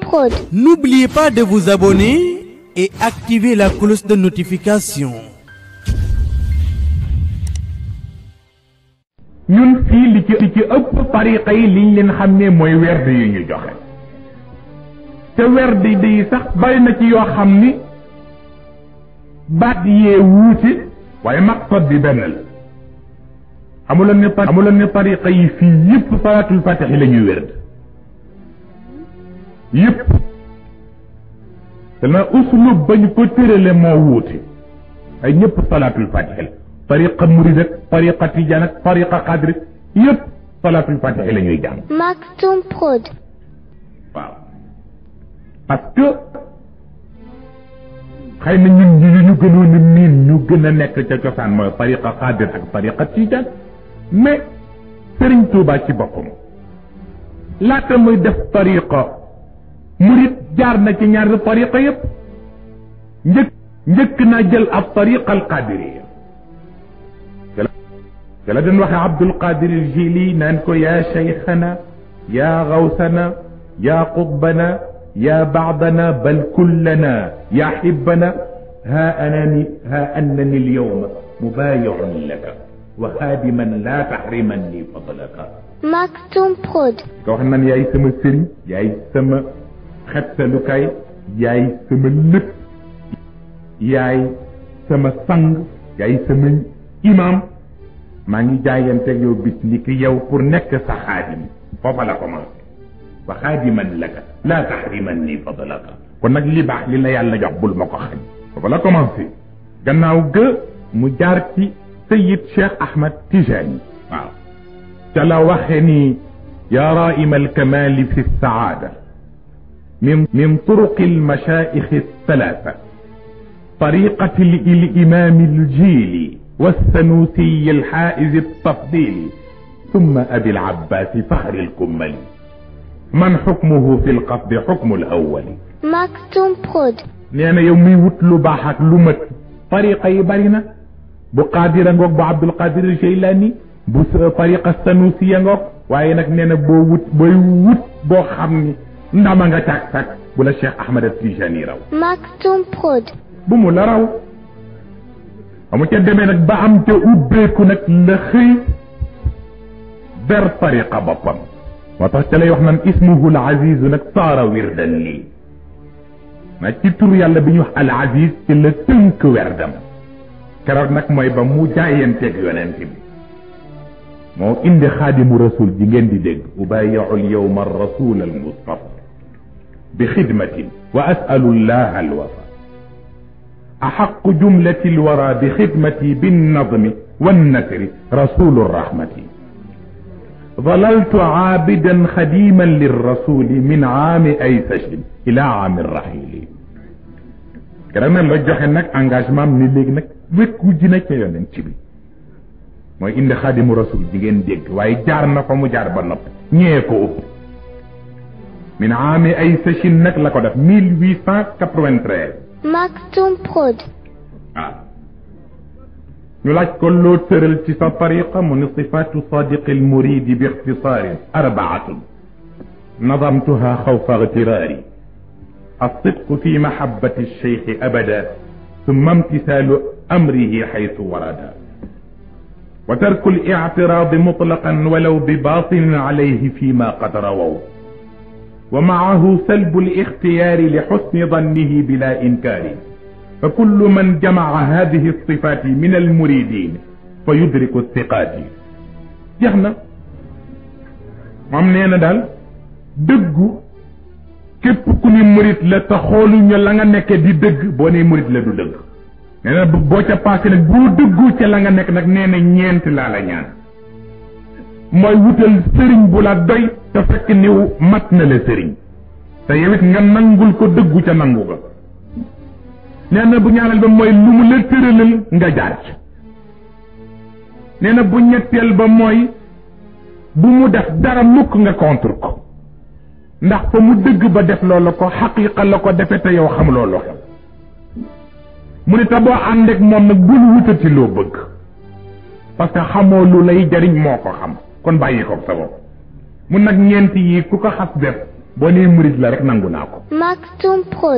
Prod. N'oubliez pas de vous abonner et activer la cloche de notification. ñun fii li ci li ci ëpp tariqa yi liñ leen xam ne mooy werd yu ñu joxe te werd yi sax bari na ci yoo xam ni baat yee wuute waaye maqsad bi benn la amuloon ne amuloon ne tariqa yi fii yëpp salaatul fatix la ñuy werd yëpp dana uslub bañ ko tërale moo wuuti ay ñëpp salaatul fatiha la tariqa murid ak tariqa tijaan ak tariqa xadri yëpp salaatul fatiha la ñuy jàng Maktoum Prod waaw parce que xëy na ñun ñu ñu gënoon miin ñu gën a nekk ca cosaan mooy tariqa xaadir ak tariqa tijaan mais Sëriñ Tuubaa ci boppam laata muy def tariqa مريد جار نا سي نيار يب نك نك نا جيل الطريق القادري كلا دن وخي عبد القادر الجيلي نانكو يا شيخنا يا غوثنا يا قطبنا يا بعضنا بل كلنا يا حبنا ها انني ها انني اليوم مبايع لك وخادما لا تحرمني فضلك مكتوم بود كوحنا يا اسم السري يا اسم xettalukaay yaay sama lépp yaay sama sang yaay sama imam maa ngi jaayanteeg yow bis ni ki yow pour nekk sa xaadim foofa la commencé wa xaadiman laka laa taxriman ni fadlaka kon nag li baax li la yàlla jox bul ma ko xañ foofa la commencé gannaaw ga mu jaar ci sayid cheikh ahmad tijani waaw ca la waxe ni yaa raima alkamali fi saada من, من طرق المشائخ الثلاثة طريقة الإمام الجيلي والسنوسي الحائز التفضيل ثم أبي العباس فخر الكمل من حكمه في القصد حكم الأول مكتوم برود نانا نعم يومي وطلو باحك لمت طريقة يبارينا بقادر qaadira بعبد القادر الجيلاني بطريقة jaylani bu وعينك sanusiya بو waaye nag نعم نعم نعم نعم نعم نعم نعم نعم نعم نعم نعم نعم نعم نعم نعم بر طريقة بابام ما تحتل يوحنا اسمه العزيز نك تارا وردن لي ما تتر يالا بيوح العزيز إلا تنك وردم كرار نك ماي بامو جايين تيك يونانتي مو إند خادم رسول جيجين دي ديك وبايع اليوم الرسول المصطفى بخدمة وأسأل الله الوفاء أحق جملة الورى بخدمتي بالنظم والنثر رسول الرحمة ظللت عابدا خديما للرسول من عام أيسش إلى عام الرحيل كرانا نرجح أنك نك انغاجمام ني ليك نك ويكو جي نك يونن خادم رسول جيجين ديك واي جار نكو مو جار با نوب من عام أي سيشين نك لكو دف 1893 مكتوم برود آه. نلاج كل ترل تسا طريقة من صفات صادق المريد باختصار أربعة نظمتها خوف اغتراري الصدق في محبة الشيخ أبدا ثم امتثال أمره حيث ورد وترك الاعتراض مطلقا ولو بباطن عليه فيما قد رووا ومعه سلب الاختيار لحسن ظنه بلا انكار فكل من جمع هذه الصفات من المريدين فيدرك الثقات جهنا مامني دال دغ كيب كوني مريد لا تخولو ني لاغا دي دغ بوني مريد لا دو دغ نينا باسي نك بو دغو تيا لاغا نك نينا نينت لا لا نيان mooy wutal sëriñ bu la doy te fekk niw mat na la sëriñ te yow it nga nangul ko dëggu ca nangu ga nee bu ñaareel ba mooy lu mu la tëralal nga bu ñetteel ba mooy bu mu def dara mukk nga contre ko ndax fa mu dëgg ba def loola ko xaqiqa la ko defe te yow xam loolu xew mu ne te ànd ak moom nag bul wutati loo bëgg parce que xamoo lu lay jariñ moo ko xam kon bàyyi koog sa bopp mun nag ñeent yi ku ko xas def boo nee murit la rek nangu naa ko.